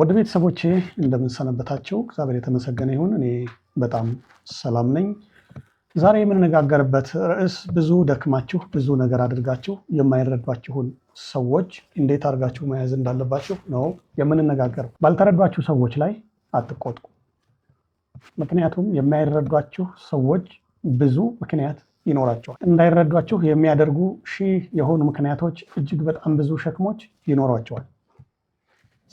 ወደ ቤተሰቦቼ እንደምንሰነበታቸው እግዚአብሔር የተመሰገነ ይሁን። እኔ በጣም ሰላም ነኝ። ዛሬ የምንነጋገርበት ርዕስ ብዙ ደክማችሁ ብዙ ነገር አድርጋችሁ የማይረዷችሁን ሰዎች እንዴት አድርጋችሁ መያዝ እንዳለባችሁ ነው የምንነጋገረው። ባልተረዷችሁ ሰዎች ላይ አትቆጥቁ። ምክንያቱም የማይረዷችሁ ሰዎች ብዙ ምክንያት ይኖራቸዋል። እንዳይረዷችሁ የሚያደርጉ ሺህ የሆኑ ምክንያቶች፣ እጅግ በጣም ብዙ ሸክሞች ይኖሯቸዋል።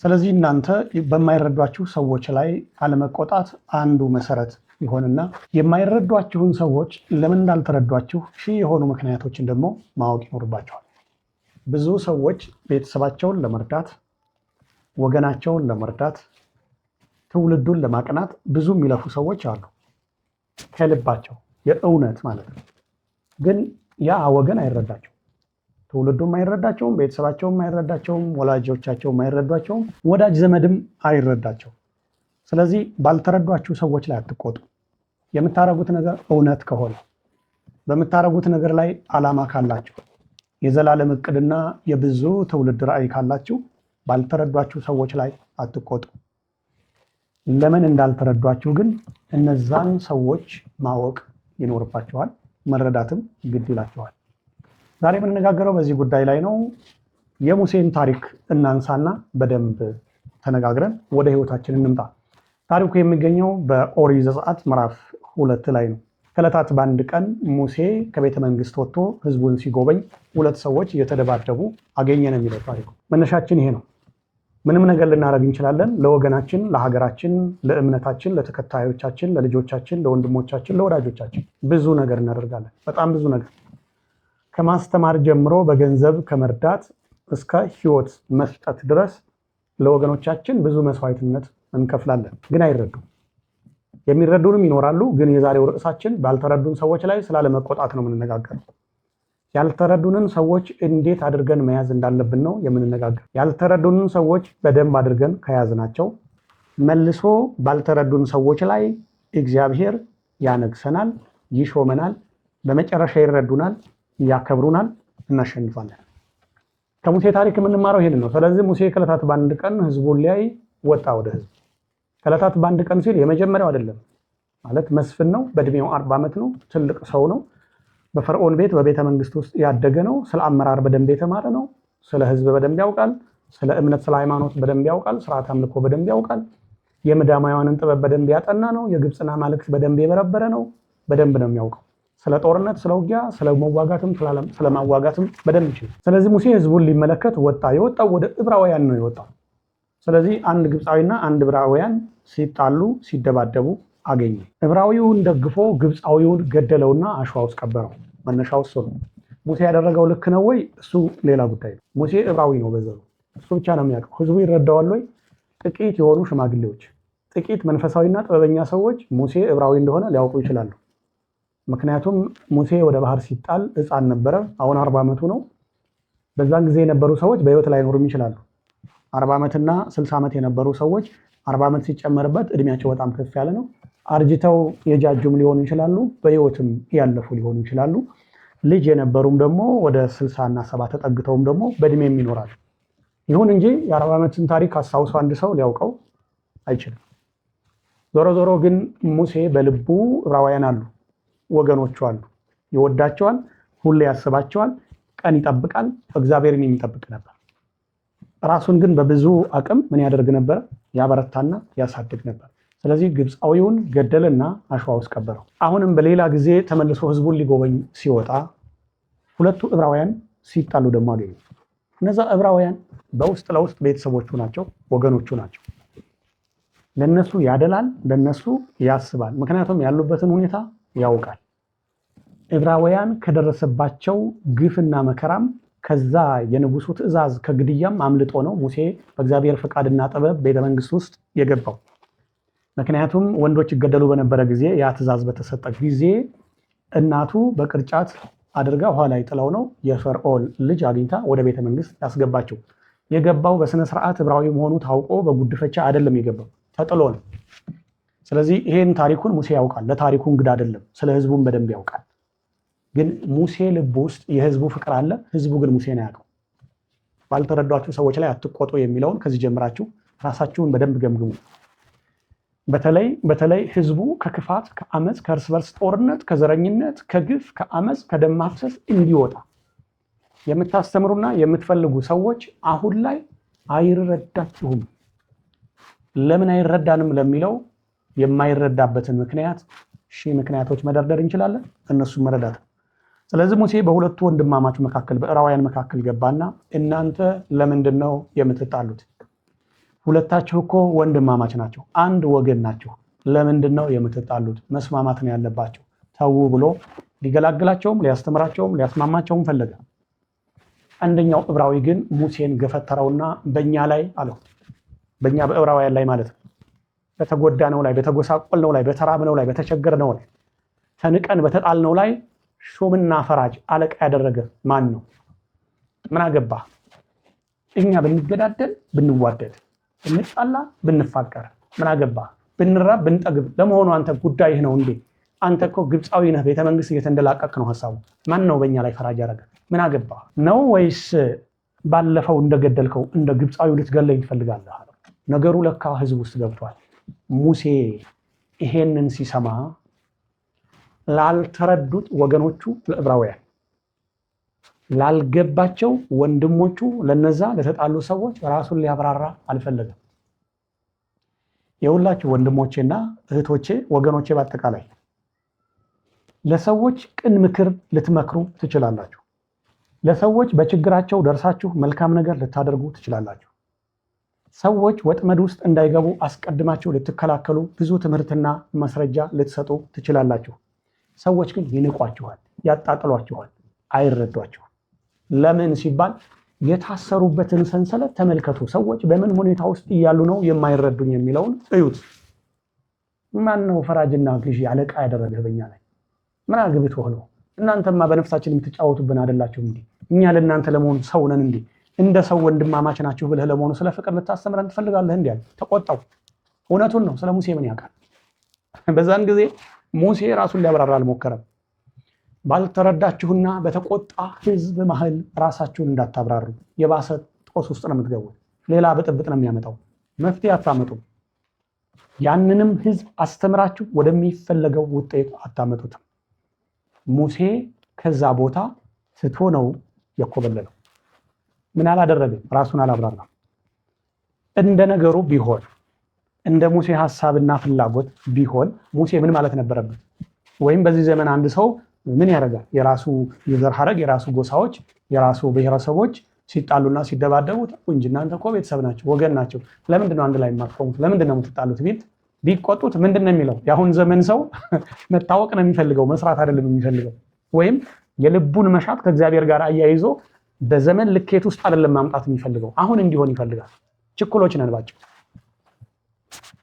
ስለዚህ እናንተ በማይረዷችሁ ሰዎች ላይ አለመቆጣት አንዱ መሰረት ይሆንና የማይረዷችሁን ሰዎች ለምን እንዳልተረዷችሁ ሺህ የሆኑ ምክንያቶችን ደግሞ ማወቅ ይኖርባቸዋል። ብዙ ሰዎች ቤተሰባቸውን ለመርዳት ወገናቸውን ለመርዳት ትውልዱን ለማቅናት ብዙ የሚለፉ ሰዎች አሉ። ከልባቸው የእውነት ማለት ነው። ግን ያ ወገን አይረዳቸው ትውልዱም አይረዳቸውም፣ ቤተሰባቸውም አይረዳቸውም፣ ወላጆቻቸውም አይረዷቸውም፣ ወዳጅ ዘመድም አይረዳቸውም። ስለዚህ ባልተረዷችሁ ሰዎች ላይ አትቆጡ። የምታደረጉት ነገር እውነት ከሆነ በምታደረጉት ነገር ላይ ዓላማ ካላችሁ የዘላለም እቅድና የብዙ ትውልድ ራዕይ ካላችሁ ባልተረዷችሁ ሰዎች ላይ አትቆጡ። ለምን እንዳልተረዷችሁ ግን እነዛን ሰዎች ማወቅ ይኖርባችኋል፣ መረዳትም ግድ ይላችኋል። ዛሬ የምንነጋገረው በዚህ ጉዳይ ላይ ነው። የሙሴን ታሪክ እናንሳና በደንብ ተነጋግረን ወደ ህይወታችን እንምጣ። ታሪኩ የሚገኘው በኦሪት ዘጸአት ምዕራፍ ሁለት ላይ ነው። ከዕለታት በአንድ ቀን ሙሴ ከቤተ መንግስት ወጥቶ ህዝቡን ሲጎበኝ ሁለት ሰዎች እየተደባደቡ አገኘ ነው የሚለው ታሪኩ። መነሻችን ይሄ ነው። ምንም ነገር ልናደርግ እንችላለን። ለወገናችን፣ ለሀገራችን፣ ለእምነታችን፣ ለተከታዮቻችን፣ ለልጆቻችን፣ ለወንድሞቻችን፣ ለወዳጆቻችን ብዙ ነገር እናደርጋለን። በጣም ብዙ ነገር ከማስተማር ጀምሮ በገንዘብ ከመርዳት እስከ ህይወት መስጠት ድረስ ለወገኖቻችን ብዙ መስዋዕትነት እንከፍላለን፣ ግን አይረዱም። የሚረዱንም ይኖራሉ፣ ግን የዛሬው ርዕሳችን ባልተረዱን ሰዎች ላይ ስላለመቆጣት ነው የምንነጋገረው። ያልተረዱንን ሰዎች እንዴት አድርገን መያዝ እንዳለብን ነው የምንነጋገር። ያልተረዱንን ሰዎች በደንብ አድርገን ከያዝናቸው መልሶ ባልተረዱን ሰዎች ላይ እግዚአብሔር ያነግሰናል፣ ይሾመናል፣ በመጨረሻ ይረዱናል። ያከብሩናል፣ እናሸንፋለን። ከሙሴ ታሪክ የምንማረው ይሄንን ነው። ስለዚህ ሙሴ ከዕለታት በአንድ ቀን ህዝቡን ሊያይ ወጣ ወደ ህዝብ። ከዕለታት በአንድ ቀን ሲል የመጀመሪያው አይደለም ማለት መስፍን ነው። በእድሜው አርባ ዓመት ነው። ትልቅ ሰው ነው። በፈርዖን ቤት በቤተ መንግስት ውስጥ ያደገ ነው። ስለ አመራር በደንብ የተማረ ነው። ስለ ህዝብ በደንብ ያውቃል። ስለ እምነት፣ ስለ ሃይማኖት በደንብ ያውቃል። ስርዓት አምልኮ በደንብ ያውቃል። የምዳማውያንን ጥበብ በደንብ ያጠና ነው። የግብፅና ማልክት በደንብ የበረበረ ነው። በደንብ ነው የሚያውቀው። ስለ ጦርነት፣ ስለ ውጊያ፣ ስለ መዋጋትም ስለ ማዋጋትም በደንብ ይችላል። ስለዚህ ሙሴ ህዝቡን ሊመለከት ወጣ። የወጣው ወደ ዕብራውያን ነው የወጣው። ስለዚህ አንድ ግብፃዊና አንድ ዕብራውያን ሲጣሉ ሲደባደቡ አገኘ። ዕብራዊውን ደግፎ ግብፃዊውን ገደለውና አሸዋ ውስጥ ቀበረው። መነሻው እሱ ነው። ሙሴ ያደረገው ልክ ነው ወይ? እሱ ሌላ ጉዳይ ነው። ሙሴ ዕብራዊ ነው በዘሩ። እሱ ብቻ ነው የሚያውቀው። ህዝቡ ይረዳዋል ወይ? ጥቂት የሆኑ ሽማግሌዎች፣ ጥቂት መንፈሳዊና ጥበበኛ ሰዎች ሙሴ ዕብራዊ እንደሆነ ሊያውቁ ይችላሉ። ምክንያቱም ሙሴ ወደ ባህር ሲጣል ሕፃን ነበረ። አሁን አርባ ዓመቱ ነው። በዛን ጊዜ የነበሩ ሰዎች በህይወት ላይኖሩም ይችላሉ። አርባ ዓመትና ስልሳ ዓመት የነበሩ ሰዎች አርባ ዓመት ሲጨመርበት እድሜያቸው በጣም ከፍ ያለ ነው። አርጅተው የጃጁም ሊሆኑ ይችላሉ። በህይወትም ያለፉ ሊሆኑ ይችላሉ። ልጅ የነበሩም ደግሞ ወደ ስልሳ እና ሰባ ተጠግተውም ደግሞ በእድሜም ይኖራሉ። ይሁን እንጂ የአርባ ዓመትን ታሪክ አስታውሶ አንድ ሰው ሊያውቀው አይችልም። ዞሮ ዞሮ ግን ሙሴ በልቡ ዕብራውያን አሉ ወገኖቹ አሉ። ይወዳቸዋል፣ ሁሌ ያስባቸዋል፣ ቀን ይጠብቃል፣ እግዚአብሔርን የሚጠብቅ ነበር። ራሱን ግን በብዙ አቅም ምን ያደርግ ነበር? ያበረታና ያሳድግ ነበር። ስለዚህ ግብፃዊውን ገደልና አሸዋ ውስጥ ቀበረው። አሁንም በሌላ ጊዜ ተመልሶ ህዝቡን ሊጎበኝ ሲወጣ ሁለቱ ዕብራውያን ሲጣሉ ደግሞ አገኙ። እነዛ ዕብራውያን በውስጥ ለውስጥ ቤተሰቦቹ ናቸው፣ ወገኖቹ ናቸው። ለነሱ ያደላል፣ ለነሱ ያስባል። ምክንያቱም ያሉበትን ሁኔታ ያውቃል። ዕብራውያን ከደረሰባቸው ግፍና መከራም ከዛ የንጉሱ ትእዛዝ ከግድያም አምልጦ ነው ሙሴ በእግዚአብሔር ፈቃድና ጥበብ ቤተመንግስት ውስጥ የገባው። ምክንያቱም ወንዶች ይገደሉ በነበረ ጊዜ ያ ትእዛዝ በተሰጠ ጊዜ እናቱ በቅርጫት አድርጋ ውሃ ላይ ጥለው ነው የፈርዖን ልጅ አግኝታ ወደ ቤተመንግስት ያስገባቸው። የገባው በስነ ስርዓት ዕብራዊ መሆኑ ታውቆ በጉድፈቻ አይደለም የገባው፣ ተጥሎ ነው። ስለዚህ ይሄን ታሪኩን ሙሴ ያውቃል። ለታሪኩ እንግዳ አይደለም። ስለ ህዝቡን በደንብ ያውቃል። ግን ሙሴ ልብ ውስጥ የህዝቡ ፍቅር አለ። ህዝቡ ግን ሙሴን አያውቀው። ባልተረዷችሁ ሰዎች ላይ አትቆጡ የሚለውን ከዚህ ጀምራችሁ ራሳችሁን በደንብ ገምግሙ። በተለይ በተለይ ህዝቡ ከክፋት፣ ከአመፅ፣ ከእርስ በርስ ጦርነት፣ ከዘረኝነት፣ ከግፍ፣ ከአመፅ፣ ከደም ማፍሰስ እንዲወጣ የምታስተምሩና የምትፈልጉ ሰዎች አሁን ላይ አይረዳችሁም። ለምን አይረዳንም ለሚለው የማይረዳበትን ምክንያት ሺህ ምክንያቶች መደርደር እንችላለን። እነሱም መረዳት ስለዚህ ሙሴ በሁለቱ ወንድማማች መካከል በዕራውያን መካከል ገባና እናንተ ለምንድን ነው የምትጣሉት? ሁለታችሁ እኮ ወንድማማች ናቸው፣ አንድ ወገን ናቸው። ለምንድን ነው የምትጣሉት? መስማማት ነው ያለባቸው፣ ተዉ ብሎ ሊገላግላቸውም ሊያስተምራቸውም ሊያስማማቸውም ፈለገ። አንደኛው ዕብራዊ ግን ሙሴን ገፈተረውና በእኛ ላይ አለው፣ በእኛ በዕብራውያን ላይ ማለት ነው በተጎዳነው ላይ፣ በተጎሳቆልነው ላይ፣ በተራብነው ላይ፣ በተቸገርነው ላይ፣ ተንቀን በተጣልነው ላይ ሹምና ፈራጅ አለቃ ያደረገ ማን ነው? ምን አገባ? እኛ ብንገዳደል፣ ብንዋደድ፣ ብንጣላ፣ ብንፋቀር ምን አገባ? ብንራብ፣ ብንጠግብ ለመሆኑ አንተ ጉዳይህ ነው እንዴ? አንተ እኮ ግብፃዊ ነህ፣ ቤተመንግስት እየተንደላቀቅ ነው ሀሳቡ። ማን ነው በእኛ ላይ ፈራጅ ያደረገ? ምን አገባ ነው ወይስ ባለፈው እንደገደልከው እንደ ግብፃዊ ልትገለኝ ትፈልጋለህ? ነገሩ ለካ ህዝብ ውስጥ ገብቷል። ሙሴ ይሄንን ሲሰማ ላልተረዱት ወገኖቹ ለዕብራውያን ላልገባቸው ወንድሞቹ ለነዛ ለተጣሉ ሰዎች ራሱን ሊያብራራ አልፈለገም። የሁላችሁ ወንድሞቼና እህቶቼ ወገኖቼ፣ በአጠቃላይ ለሰዎች ቅን ምክር ልትመክሩ ትችላላችሁ። ለሰዎች በችግራቸው ደርሳችሁ መልካም ነገር ልታደርጉ ትችላላችሁ። ሰዎች ወጥመድ ውስጥ እንዳይገቡ አስቀድማችሁ ልትከላከሉ ብዙ ትምህርትና ማስረጃ ልትሰጡ ትችላላችሁ። ሰዎች ግን ይንቋችኋል፣ ያጣጥሏችኋል፣ አይረዷችሁም። ለምን ሲባል የታሰሩበትን ሰንሰለት ተመልከቱ። ሰዎች በምን ሁኔታ ውስጥ እያሉ ነው የማይረዱኝ የሚለውን እዩት። ማን ነው ፈራጅና ግዢ አለቃ ያደረገህ በኛ ላይ? ምን አግብት ነው? እናንተማ በነፍሳችን የምትጫወቱብን አይደላችሁ እንዴ? እኛ ለእናንተ ለመሆን ሰው ነን እንዴ? እንደ ሰው ወንድማማች ናችሁ ብለህ ለመሆኑ ስለ ፍቅር ልታስተምረን ትፈልጋለህ? ያለ ተቆጣው። እውነቱን ነው። ስለ ሙሴ ምን ያውቃል? በዛን ጊዜ ሙሴ ራሱን ሊያብራራ አልሞከረም። ባልተረዳችሁና በተቆጣ ህዝብ መሀል ራሳችሁን እንዳታብራሩ የባሰ ጦስ ውስጥ ነው የምትገቡት። ሌላ ብጥብጥ ነው የሚያመጣው። መፍትሄ አታመጡም። ያንንም ህዝብ አስተምራችሁ ወደሚፈለገው ውጤት አታመጡትም። ሙሴ ከዛ ቦታ ትቶ ነው የኮበለለው። ምን አላደረገም? ራሱን አላብራራም። እንደ ነገሩ ቢሆን እንደ ሙሴ ሀሳብና ፍላጎት ቢሆን ሙሴ ምን ማለት ነበረበት? ወይም በዚህ ዘመን አንድ ሰው ምን ያደርጋል? የራሱ የዘር ሐረግ፣ የራሱ ጎሳዎች፣ የራሱ ብሔረሰቦች ሲጣሉና ሲደባደቡ እንጂ እናንተ እኮ ቤተሰብ ናቸው፣ ወገን ናቸው፣ ለምንድነው አንድ ላይ የማትቆሙት? ለምንድነው የምትጣሉት? ቢል ቢቆጡት ምንድን ነው የሚለው? የአሁን ዘመን ሰው መታወቅ ነው የሚፈልገው፣ መስራት አይደለም የሚፈልገው። ወይም የልቡን መሻት ከእግዚአብሔር ጋር አያይዞ በዘመን ልኬት ውስጥ አይደለም ማምጣት የሚፈልገው፣ አሁን እንዲሆን ይፈልጋል። ችኩሎች ነን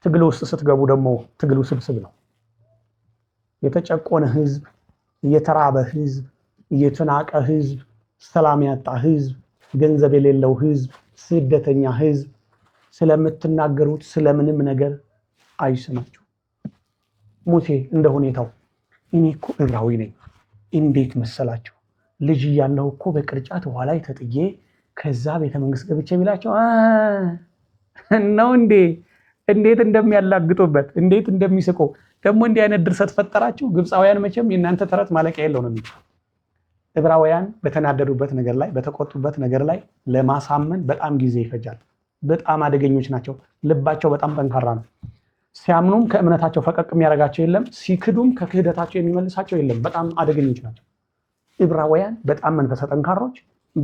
ትግል ውስጥ ስትገቡ ደግሞ ትግሉ ስብስብ ነው። የተጨቆነ ህዝብ፣ እየተራበ ህዝብ፣ እየተናቀ ህዝብ፣ ሰላም ያጣ ህዝብ፣ ገንዘብ የሌለው ህዝብ፣ ስደተኛ ህዝብ ስለምትናገሩት ስለምንም ነገር አይሰማችሁ። ሙሴ እንደ ሁኔታው እኔ እኮ ዕብራዊ ነኝ እንዴት መሰላችሁ ልጅ እያለሁ እኮ በቅርጫት ውሃ ላይ ተጥዬ ከዛ ቤተመንግስት ገብቼ የሚላቸው ነው እንዴ! እንዴት እንደሚያላግጡበት እንዴት እንደሚስቁ ደግሞ እንዲህ አይነት ድርሰት ፈጠራችሁ ግብፃውያን። መቼም የእናንተ ተረት ማለቂያ የለው ነው የሚ ዕብራውያን በተናደዱበት ነገር ላይ በተቆጡበት ነገር ላይ ለማሳመን በጣም ጊዜ ይፈጃል። በጣም አደገኞች ናቸው። ልባቸው በጣም ጠንካራ ነው። ሲያምኑም ከእምነታቸው ፈቀቅ የሚያደርጋቸው የለም፣ ሲክዱም ከክህደታቸው የሚመልሳቸው የለም። በጣም አደገኞች ናቸው። ኢብራውያን በጣም መንፈሰ ጠንካሮች፣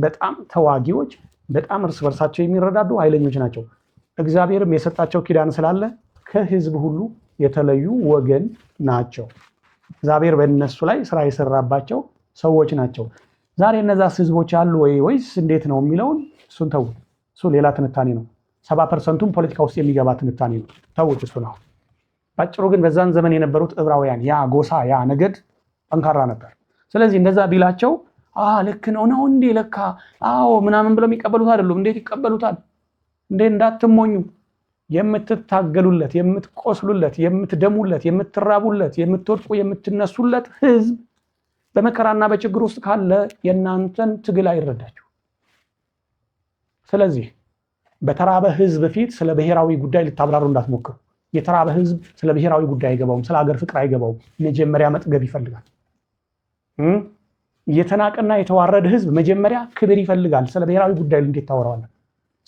በጣም ተዋጊዎች፣ በጣም እርስ በርሳቸው የሚረዳዱ ኃይለኞች ናቸው። እግዚአብሔርም የሰጣቸው ኪዳን ስላለ ከህዝብ ሁሉ የተለዩ ወገን ናቸው። እግዚአብሔር በእነሱ ላይ ስራ የሰራባቸው ሰዎች ናቸው። ዛሬ እነዛስ ህዝቦች አሉ ወይ ወይስ እንዴት ነው የሚለውን እሱን ተውት። እሱ ሌላ ትንታኔ ነው። ሰባ ፐርሰንቱም ፖለቲካ ውስጥ የሚገባ ትንታኔ ነው። ተውት እሱ ነው። ባጭሩ ግን በዛን ዘመን የነበሩት ዕብራውያን ያ ጎሳ ያ ነገድ ጠንካራ ነበር። ስለዚህ እንደዛ ቢላቸው ልክ ነው ነው እንዴ ለካ አዎ ምናምን ብለው የሚቀበሉት አይደሉም። እንዴት ይቀበሉታል? እንዴ እንዳትሞኙ የምትታገሉለት የምትቆስሉለት የምትደሙለት የምትራቡለት የምትወድቁ የምትነሱለት ህዝብ በመከራና በችግር ውስጥ ካለ የእናንተን ትግል አይረዳችሁ። ስለዚህ በተራበ ህዝብ ፊት ስለ ብሔራዊ ጉዳይ ልታብራሩ እንዳትሞክሩ። የተራበ ህዝብ ስለ ብሔራዊ ጉዳይ አይገባውም፣ ስለ ሀገር ፍቅር አይገባውም። መጀመሪያ መጥገብ ይፈልጋል። የተናቀና የተዋረደ ህዝብ መጀመሪያ ክብር ይፈልጋል። ስለ ብሔራዊ ጉዳይ እንዴት ታወራዋለህ?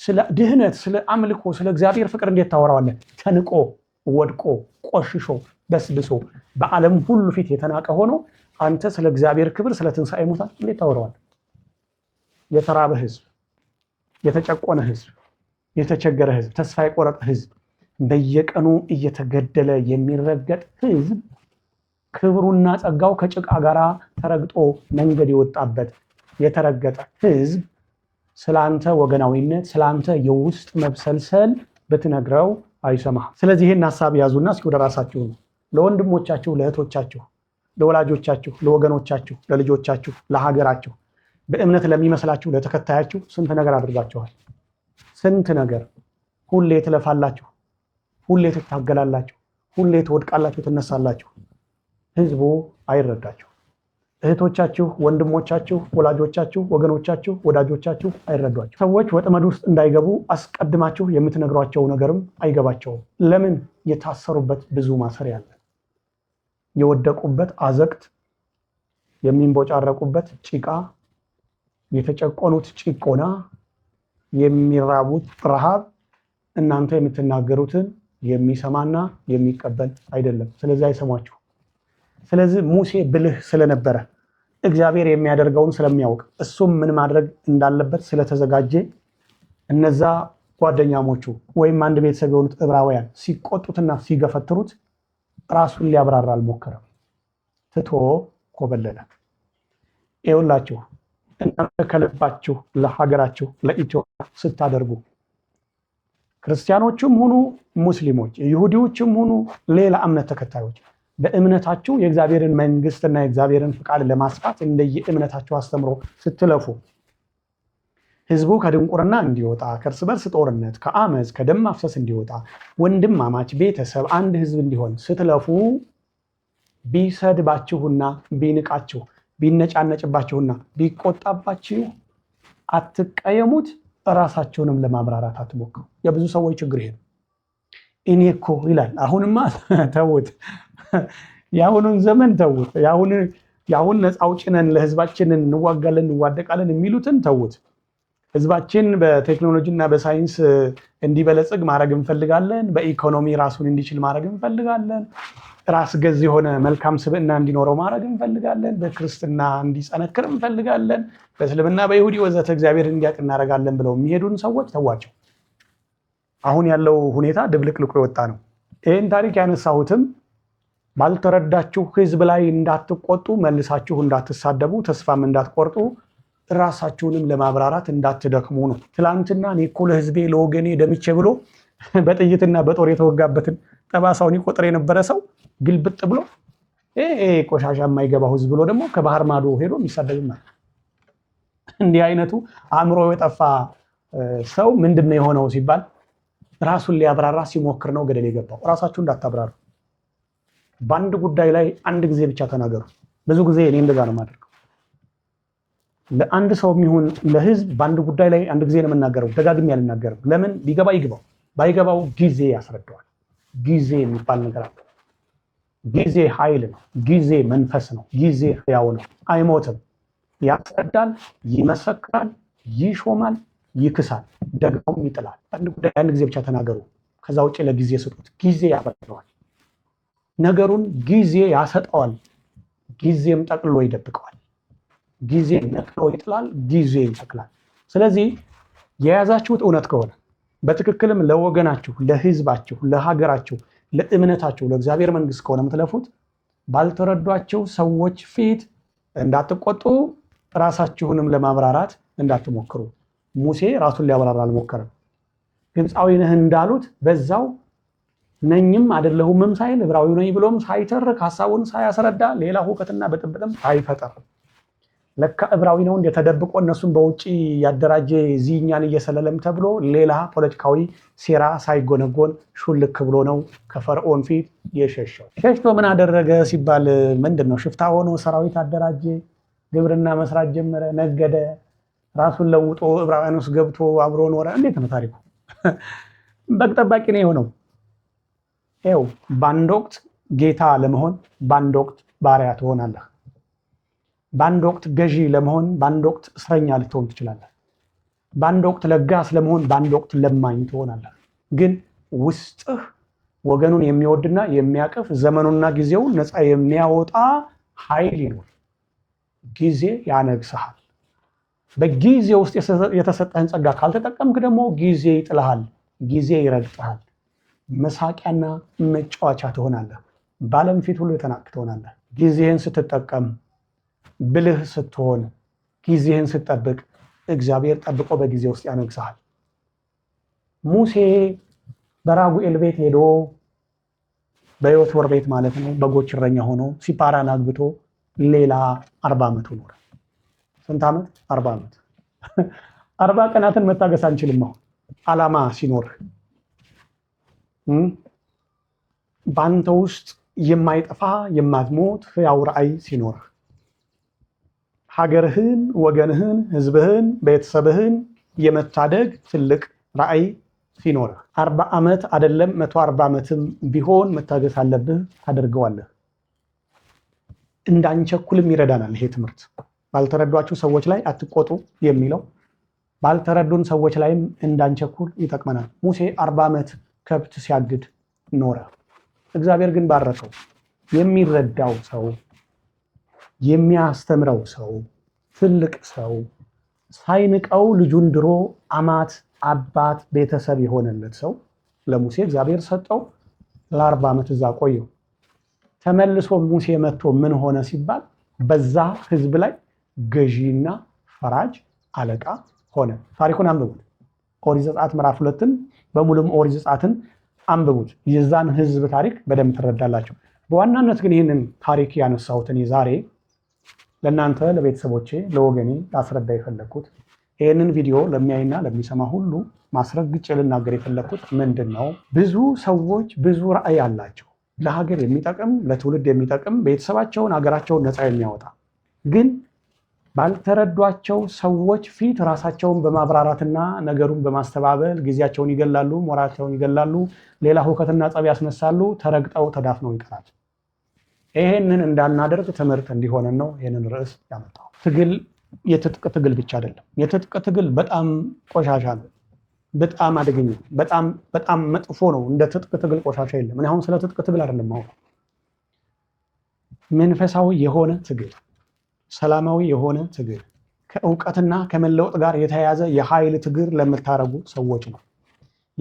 ስለ ድህነት፣ ስለ አምልኮ፣ ስለ እግዚአብሔር ፍቅር እንዴት ታወራዋለህ? ተንቆ ወድቆ ቆሽሾ በስብሶ በዓለም ሁሉ ፊት የተናቀ ሆኖ አንተ ስለ እግዚአብሔር ክብር፣ ስለ ትንሣኤ ሙታን እንዴት ታወራዋለህ? የተራበ ህዝብ፣ የተጨቆነ ህዝብ፣ የተቸገረ ህዝብ፣ ተስፋ የቆረጠ ህዝብ፣ በየቀኑ እየተገደለ የሚረገጥ ህዝብ ክብሩና ጸጋው ከጭቃ ጋር ተረግጦ መንገድ የወጣበት የተረገጠ ህዝብ ስላንተ ወገናዊነት ስላንተ የውስጥ መብሰልሰል ብትነግረው አይሰማህም። ስለዚህ ይህን ሀሳብ ያዙና እስኪ ወደ ራሳችሁ ነው ለወንድሞቻችሁ፣ ለእህቶቻችሁ፣ ለወላጆቻችሁ፣ ለወገኖቻችሁ፣ ለልጆቻችሁ፣ ለሀገራችሁ፣ በእምነት ለሚመስላችሁ ለተከታያችሁ ስንት ነገር አድርጋችኋል። ስንት ነገር ሁሌ ትለፋላችሁ፣ ሁሌ ትታገላላችሁ፣ ሁሌ ትወድቃላችሁ፣ ትነሳላችሁ። ህዝቡ አይረዳችሁ። እህቶቻችሁ፣ ወንድሞቻችሁ፣ ወላጆቻችሁ፣ ወገኖቻችሁ፣ ወዳጆቻችሁ አይረዷችሁ። ሰዎች ወጥመድ ውስጥ እንዳይገቡ አስቀድማችሁ የምትነግሯቸው ነገርም አይገባቸውም። ለምን? የታሰሩበት ብዙ ማሰሪያ አለ። የወደቁበት አዘቅት፣ የሚንቦጫረቁበት ጭቃ፣ የተጨቆኑት ጭቆና፣ የሚራቡት ረሃብ እናንተ የምትናገሩትን የሚሰማና የሚቀበል አይደለም። ስለዚህ አይሰሟችሁ። ስለዚህ ሙሴ ብልህ ስለነበረ እግዚአብሔር የሚያደርገውን ስለሚያውቅ እሱም ምን ማድረግ እንዳለበት ስለተዘጋጀ እነዛ ጓደኛሞቹ ወይም አንድ ቤተሰብ የሆኑት ዕብራውያን ሲቆጡትና ሲገፈትሩት ራሱን ሊያብራራ አልሞከረም። ትቶ ኮበለለ። ይኸውላችሁ እናንተ ከልባችሁ ለሀገራችሁ ለኢትዮጵያ ስታደርጉ ክርስቲያኖችም ሁኑ ሙስሊሞች፣ ይሁዲዎችም ሁኑ ሌላ እምነት ተከታዮች በእምነታችሁ የእግዚአብሔርን መንግስትና የእግዚአብሔርን ፍቃድ ለማስፋት እምነታችሁ አስተምሮ ስትለፉ ህዝቡ ከድንቁርና እንዲወጣ ከእርስ በርስ ጦርነት፣ ከአመፅ፣ ከደም ማፍሰስ እንዲወጣ ወንድማማች ቤተሰብ፣ አንድ ህዝብ እንዲሆን ስትለፉ ቢሰድባችሁና ቢንቃችሁ ቢነጫነጭባችሁና ቢቆጣባችሁ አትቀየሙት። እራሳችሁንም ለማብራራት አትሞክሩ። የብዙ ሰዎች ችግር ይሄ ነው። እኔ እኮ ይላል። አሁንማ ተውት። የአሁኑን ዘመን ተዉት። የአሁን ነፃ አውጪ ነን፣ ለህዝባችን እንዋጋለን፣ እንዋደቃለን የሚሉትን ተውት። ህዝባችን በቴክኖሎጂ እና በሳይንስ እንዲበለጽግ ማድረግ እንፈልጋለን። በኢኮኖሚ ራሱን እንዲችል ማድረግ እንፈልጋለን። ራስ ገዝ የሆነ መልካም ስብዕና እንዲኖረው ማድረግ እንፈልጋለን። በክርስትና እንዲጸነክር እንፈልጋለን። በእስልምና በይሁዲ ወዘተ እግዚአብሔር እንዲያውቅ እናደርጋለን ብለው የሚሄዱን ሰዎች ተዋቸው። አሁን ያለው ሁኔታ ድብልቅልቁ የወጣ ነው። ይህን ታሪክ ያነሳሁትም ባልተረዳችሁ ህዝብ ላይ እንዳትቆጡ፣ መልሳችሁ እንዳትሳደቡ፣ ተስፋም እንዳትቆርጡ፣ ራሳችሁንም ለማብራራት እንዳትደክሙ ነው። ትላንትና እኔ እኮ ለህዝቤ ለወገኔ ደምቼ ብሎ በጥይትና በጦር የተወጋበትን ጠባሳውን ይቆጥር የነበረ ሰው ግልብጥ ብሎ ቆሻሻ የማይገባው ህዝብ ብሎ ደግሞ ከባህር ማዶ ሄዶ የሚሳደብም እንዲህ አይነቱ አእምሮ የጠፋ ሰው ምንድን ነው የሆነው ሲባል ራሱን ሊያብራራ ሲሞክር ነው ገደል የገባው። ራሳችሁ እንዳታብራሩ። በአንድ ጉዳይ ላይ አንድ ጊዜ ብቻ ተናገሩ። ብዙ ጊዜ እኔ እንደዛ ነው የማደርገው። ለአንድ ሰው የሚሆን ለህዝብ በአንድ ጉዳይ ላይ አንድ ጊዜ ነው የምናገረው። ደጋግሜ አልናገርም። ለምን? ቢገባ ይግባው፣ ባይገባው ጊዜ ያስረዳዋል። ጊዜ የሚባል ነገር አለ። ጊዜ ኃይል ነው። ጊዜ መንፈስ ነው። ጊዜ ህያው ነው፣ አይሞትም። ያስረዳል፣ ይመሰክራል፣ ይሾማል፣ ይክሳል፣ ደግሞም ይጥላል። አንድ ጉዳይ አንድ ጊዜ ብቻ ተናገሩ። ከዛ ውጭ ለጊዜ ስጡት። ጊዜ ያበረዋል። ነገሩን ጊዜ ያሰጠዋል፣ ጊዜም ጠቅሎ ይደብቀዋል። ጊዜ ነቅሎ ይጥላል፣ ጊዜ ይጠቅላል። ስለዚህ የያዛችሁት እውነት ከሆነ በትክክልም ለወገናችሁ፣ ለህዝባችሁ፣ ለሀገራችሁ፣ ለእምነታችሁ፣ ለእግዚአብሔር መንግስት ከሆነ የምትለፉት ባልተረዷቸው ሰዎች ፊት እንዳትቆጡ፣ ራሳችሁንም ለማብራራት እንዳትሞክሩ። ሙሴ ራሱን ሊያብራራ አልሞከረም። ግብፃዊ ነህ እንዳሉት በዛው ነኝም አይደለሁምም ሳይል ዕብራዊ ነኝ ብሎም ሳይተርክ ሀሳቡን ሳያስረዳ ሌላ ሁከትና ብጥብጥም ሳይፈጠር ለካ ዕብራዊ ነው እንደ ተደብቆ እነሱን በውጭ ያደራጀ ዚኛን እየሰለለም ተብሎ ሌላ ፖለቲካዊ ሴራ ሳይጎነጎን ሹልክ ብሎ ነው ከፈርዖን ፊት የሸሸው። ሸሽቶ ምን አደረገ ሲባል ምንድን ነው? ሽፍታ ሆኖ ሰራዊት አደራጀ፣ ግብርና መስራት ጀመረ፣ ነገደ፣ ራሱን ለውጦ ዕብራውያን ውስጥ ገብቶ አብሮ ኖረ። እንዴት ነው ታሪኩ? በግ ጠባቂ ነው የሆነው። ው በአንድ ወቅት ጌታ ለመሆን በአንድ ወቅት ባሪያ ትሆናለህ። በአንድ ወቅት ገዢ ለመሆን በአንድ ወቅት እስረኛ ልትሆን ትችላለህ። በአንድ ወቅት ለጋስ ለመሆን በአንድ ወቅት ለማኝ ትሆናለህ። ግን ውስጥህ ወገኑን የሚወድና የሚያቅፍ ዘመኑና ጊዜውን ነፃ የሚያወጣ ኃይል ይኖር። ጊዜ ያነግስሃል። በጊዜ ውስጥ የተሰጠህን ጸጋ ካልተጠቀምክ ደግሞ ጊዜ ይጥልሃል፣ ጊዜ ይረግጥሃል። መሳቂያና መጫወቻ ትሆናለህ። በዓለም ፊት ሁሉ የተናቅ ትሆናለህ። ጊዜህን ስትጠቀም፣ ብልህ ስትሆን፣ ጊዜህን ስትጠብቅ እግዚአብሔር ጠብቆ በጊዜ ውስጥ ያነግሰሃል። ሙሴ በራጉኤል ቤት ሄዶ በህይወት ወር ቤት ማለት ነው በጎች እረኛ ሆኖ ሲፓራን አግብቶ ሌላ አርባ ዓመቱ ኖረ። ስንት ዓመት? አርባ ዓመት። አርባ ቀናትን መታገስ አንችልም። አሁን ዓላማ ሲኖርህ በአንተ ውስጥ የማይጠፋ የማትሞት ህያው ራእይ ሲኖርህ ሀገርህን፣ ወገንህን፣ ህዝብህን፣ ቤተሰብህን የመታደግ ትልቅ ራእይ ሲኖርህ አርባ ዓመት አደለም መቶ አርባ ዓመትም ቢሆን መታገስ አለብህ። ታደርገዋለህ። እንዳንቸኩልም ይረዳናል። ይሄ ትምህርት ባልተረዷችሁ ሰዎች ላይ አትቆጡ የሚለው ባልተረዱን ሰዎች ላይም እንዳንቸኩል ይጠቅመናል። ሙሴ አርባ ዓመት ከብት ሲያግድ ኖረ። እግዚአብሔር ግን ባረከው። የሚረዳው ሰው፣ የሚያስተምረው ሰው፣ ትልቅ ሰው ሳይንቀው ልጁን ድሮ አማት፣ አባት፣ ቤተሰብ የሆነለት ሰው ለሙሴ እግዚአብሔር ሰጠው። ለአርባ ዓመት እዛ ቆየው። ተመልሶ ሙሴ መጥቶ ምን ሆነ ሲባል በዛ ህዝብ ላይ ገዢና ፈራጅ አለቃ ሆነ። ታሪኩን አንብቡት። ኦሪት ዘጸአት ምዕራፍ ሁለትን በሙሉም ኦሪት ዘጸአትን አንብቡት። የዛን ህዝብ ታሪክ በደንብ ትረዳላችሁ። በዋናነት ግን ይህንን ታሪክ ያነሳሁትን ዛሬ ለእናንተ ለቤተሰቦቼ፣ ለወገኔ ላስረዳ የፈለግኩት ይህንን ቪዲዮ ለሚያይና ለሚሰማ ሁሉ ማስረግጬ ልናገር የፈለግኩት ምንድን ነው? ብዙ ሰዎች ብዙ ራዕይ አላቸው። ለሀገር የሚጠቅም ለትውልድ የሚጠቅም ቤተሰባቸውን ሀገራቸውን ነፃ የሚያወጣ ግን ባልተረዷቸው ሰዎች ፊት ራሳቸውን በማብራራትና ነገሩን በማስተባበል ጊዜያቸውን ይገላሉ፣ ሞራቸውን ይገላሉ፣ ሌላ ሁከትና ጸብ ያስነሳሉ። ተረግጠው ተዳፍነው ይቀራል። ይሄንን እንዳናደርግ ትምህርት እንዲሆነን ነው ይህንን ርዕስ ያመጣው። ትግል የትጥቅ ትግል ብቻ አይደለም። የትጥቅ ትግል በጣም ቆሻሻ ነው፣ በጣም አደገኛ፣ በጣም በጣም መጥፎ ነው። እንደ ትጥቅ ትግል ቆሻሻ የለም። እኔ አሁን ስለ ትጥቅ ትግል አይደለም አሁን መንፈሳዊ የሆነ ትግል ሰላማዊ የሆነ ትግል ከእውቀትና ከመለወጥ ጋር የተያያዘ የኃይል ትግል ለምታደርጉ ሰዎች ነው።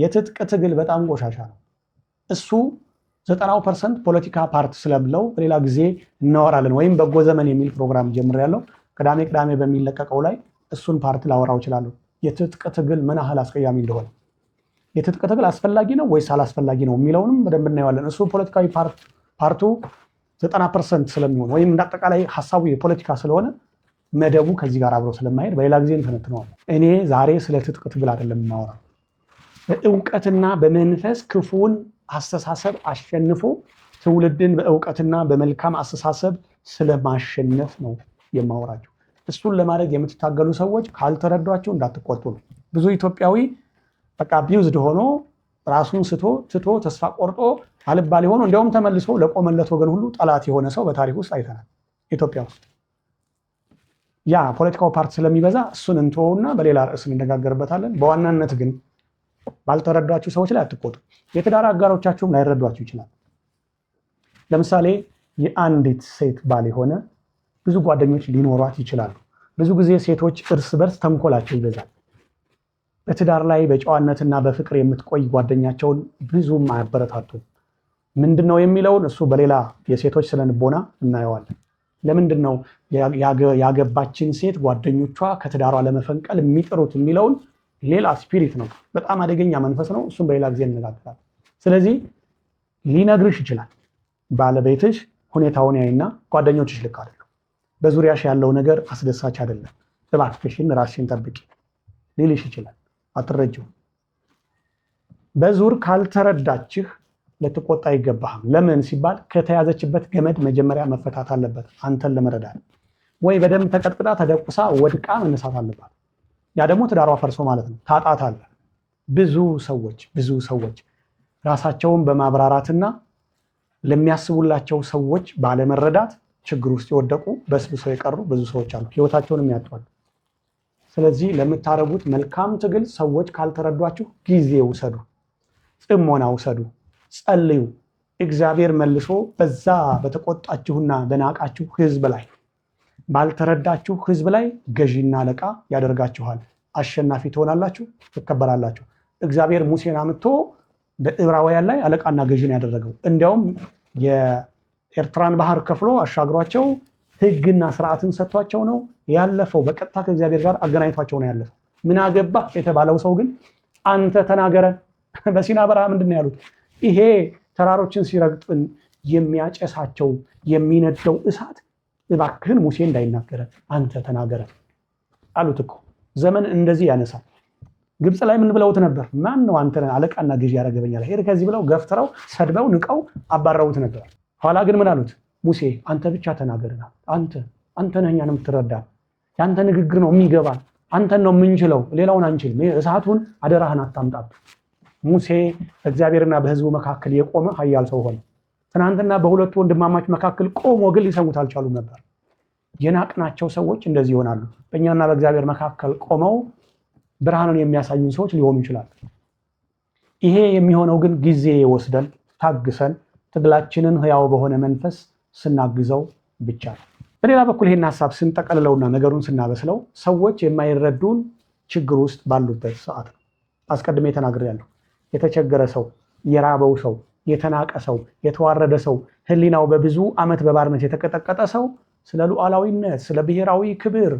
የትጥቅ ትግል በጣም ቆሻሻ ነው። እሱ ዘጠናው ፐርሰንት ፖለቲካ ፓርቲ ስለብለው በሌላ ጊዜ እናወራለን። ወይም በጎ ዘመን የሚል ፕሮግራም ጀምሬያለሁ። ቅዳሜ ቅዳሜ በሚለቀቀው ላይ እሱን ፓርቲ ላወራው እችላለሁ። የትጥቅ ትግል ምን ያህል አስቀያሚ እንደሆነ የትጥቅ ትግል አስፈላጊ ነው ወይስ አላስፈላጊ ነው የሚለውንም በደንብ እናየዋለን። እሱ ፖለቲካዊ ፓርቱ ዘጠና ፐርሰንት ስለሚሆን ወይም እንዳጠቃላይ ሀሳቡ የፖለቲካ ስለሆነ መደቡ ከዚህ ጋር አብሮ ስለማሄድ በሌላ ጊዜ እንተነትነዋል። እኔ ዛሬ ስለ ትጥቅ ትግል አይደለም የማወራ። በእውቀትና በመንፈስ ክፉን አስተሳሰብ አሸንፎ ትውልድን በእውቀትና በመልካም አስተሳሰብ ስለማሸነፍ ነው የማወራቸው። እሱን ለማድረግ የምትታገሉ ሰዎች ካልተረዷቸው እንዳትቆጡ ነው። ብዙ ኢትዮጵያዊ በቃ ቢውዝድ ሆኖ ራሱን ስቶ ትቶ ተስፋ ቆርጦ አልባሌ ሆኖ እንዲያውም ተመልሶ ለቆመለት ወገን ሁሉ ጠላት የሆነ ሰው በታሪክ ውስጥ አይተናል። ኢትዮጵያ ውስጥ ያ ፖለቲካው ፓርቲ ስለሚበዛ እሱን እንትወውና በሌላ ርዕስ እንነጋገርበታለን። በዋናነት ግን ባልተረዷችሁ ሰዎች ላይ አትቆጡ። የትዳር አጋሮቻችሁም ላይረዷችሁ ይችላል። ለምሳሌ የአንዲት ሴት ባል የሆነ ብዙ ጓደኞች ሊኖሯት ይችላሉ። ብዙ ጊዜ ሴቶች እርስ በርስ ተንኮላቸው ይበዛል። በትዳር ላይ በጨዋነትና በፍቅር የምትቆይ ጓደኛቸውን ብዙም አያበረታቱም። ምንድን ነው የሚለውን እሱ በሌላ የሴቶች ስነ እናየዋለን። ለምንድን ነው ያገባችን ሴት ጓደኞቿ ከትዳሯ ለመፈንቀል የሚጥሩት የሚለውን ሌላ ስፒሪት ነው። በጣም አደገኛ መንፈስ ነው። እሱም በሌላ ጊዜ እንነጋገራለን። ስለዚህ ሊነግርሽ ይችላል። ባለቤትሽ ሁኔታውን ያይና ጓደኞችሽ ልክ አይደሉም፣ በዙሪያሽ ያለው ነገር አስደሳች አይደለም፣ እባክሽን ራስሽን ጠብቂ ሊልሽ ይችላል። አትረጅው በዙር ካልተረዳችህ ልትቆጣ አይገባህም። ለምን ሲባል ከተያዘችበት ገመድ መጀመሪያ መፈታት አለበት አንተን ለመረዳት። ወይ በደንብ ተቀጥቅጣ ተደቁሳ ወድቃ መነሳት አለባት። ያ ደግሞ ትዳሯ ፈርሶ ማለት ነው። ታጣት አለ። ብዙ ሰዎች ብዙ ሰዎች ራሳቸውን በማብራራትና ለሚያስቡላቸው ሰዎች ባለመረዳት ችግር ውስጥ የወደቁ በስብሰው የቀሩ ብዙ ሰዎች አሉ፣ ህይወታቸውንም ያጧሉ። ስለዚህ ለምታረጉት መልካም ትግል ሰዎች ካልተረዷችሁ ጊዜ ውሰዱ፣ ጽሞና ውሰዱ። ጸልዩ። እግዚአብሔር መልሶ በዛ በተቆጣችሁና በናቃችሁ ህዝብ ላይ ባልተረዳችሁ ህዝብ ላይ ገዢና አለቃ ያደርጋችኋል። አሸናፊ ትሆናላችሁ፣ ትከበራላችሁ። እግዚአብሔር ሙሴን አምጥቶ በዕብራውያን ላይ አለቃና ገዢን ነው ያደረገው። እንዲያውም የኤርትራን ባህር ከፍሎ አሻግሯቸው ህግና ስርዓትን ሰጥቷቸው ነው ያለፈው። በቀጥታ ከእግዚአብሔር ጋር አገናኝቷቸው ነው ያለፈው። ምን አገባ የተባለው ሰው ግን አንተ ተናገረ በሲና በረሃ ምንድን ነው ያሉት? ይሄ ተራሮችን ሲረግጥን የሚያጨሳቸው የሚነደው እሳት እባክህን ሙሴ እንዳይናገረ አንተ ተናገረ አሉት እኮ። ዘመን እንደዚህ ያነሳል። ግብፅ ላይ ምን ብለውት ነበር? ማን ነው አንተ አለቃና ገዢ ያረገበኛል? ሄድ ከዚህ ብለው ገፍትረው ሰድበው ንቀው አባረውት ነበር። ኋላ ግን ምን አሉት? ሙሴ አንተ ብቻ ተናገርና አንተ አንተ ነህ እኛን የምትረዳ የአንተ ንግግር ነው የሚገባ አንተን ነው የምንችለው፣ ሌላውን አንችልም። እሳቱን አደራህን አታምጣብ ሙሴ በእግዚአብሔርና በሕዝቡ መካከል የቆመ ኃያል ሰው ሆነ። ትናንትና በሁለቱ ወንድማማች መካከል ቆሞ ግን ሊሰሙት አልቻሉም ነበር። የናቅናቸው ሰዎች እንደዚህ ይሆናሉ። በእኛና በእግዚአብሔር መካከል ቆመው ብርሃንን የሚያሳዩን ሰዎች ሊሆኑ ይችላል። ይሄ የሚሆነው ግን ጊዜ ወስደን ታግሰን ትግላችንን ህያው በሆነ መንፈስ ስናግዘው ብቻ ነው። በሌላ በኩል ይሄን ሀሳብ ስንጠቀልለውና ነገሩን ስናበስለው ሰዎች የማይረዱን ችግር ውስጥ ባሉበት ሰዓት ነው። አስቀድሜ ተናግሬያለሁ። የተቸገረ ሰው፣ የራበው ሰው፣ የተናቀ ሰው፣ የተዋረደ ሰው፣ ህሊናው በብዙ ዓመት በባርነት የተቀጠቀጠ ሰው ስለ ሉዓላዊነት፣ ስለ ብሔራዊ ክብር፣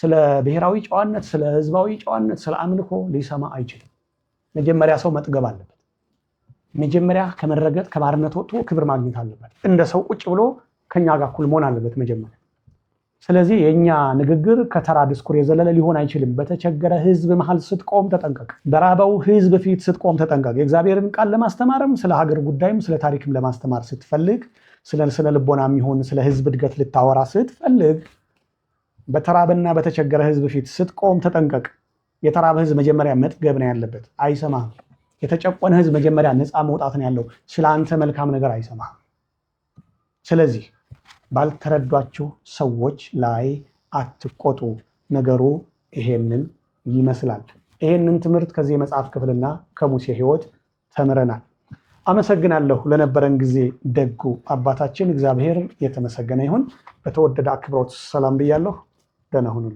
ስለ ብሔራዊ ጨዋነት፣ ስለ ህዝባዊ ጨዋነት፣ ስለ አምልኮ ሊሰማ አይችልም። መጀመሪያ ሰው መጥገብ አለበት። መጀመሪያ ከመረገጥ ከባርነት ወጥቶ ክብር ማግኘት አለበት። እንደ ሰው ቁጭ ብሎ ከኛ ጋር እኩል መሆን አለበት መጀመሪያ ስለዚህ የእኛ ንግግር ከተራ ድስኩር የዘለለ ሊሆን አይችልም። በተቸገረ ህዝብ መሀል ስትቆም ተጠንቀቅ። በራበው ህዝብ ፊት ስትቆም ተጠንቀቅ። የእግዚአብሔርን ቃል ለማስተማርም ስለ ሀገር ጉዳይም ስለ ታሪክም ለማስተማር ስትፈልግ፣ ስለ ልቦና የሚሆን ስለ ህዝብ እድገት ልታወራ ስትፈልግ፣ በተራበና በተቸገረ ህዝብ ፊት ስትቆም ተጠንቀቅ። የተራበ ህዝብ መጀመሪያ መጥገብ ነው ያለበት፣ አይሰማህም። የተጨቆነ ህዝብ መጀመሪያ ነፃ መውጣት ነው ያለው፣ ስለ አንተ መልካም ነገር አይሰማህም። ስለዚህ ባልተረዷችሁ ሰዎች ላይ አትቆጡ። ነገሩ ይሄንን ይመስላል። ይሄንን ትምህርት ከዚህ የመጽሐፍ ክፍልና ከሙሴ ሕይወት ተምረናል። አመሰግናለሁ ለነበረን ጊዜ። ደጉ አባታችን እግዚአብሔር የተመሰገነ ይሁን። በተወደደ አክብሮት ሰላም ብያለሁ። ደህና ሁኑልኝ።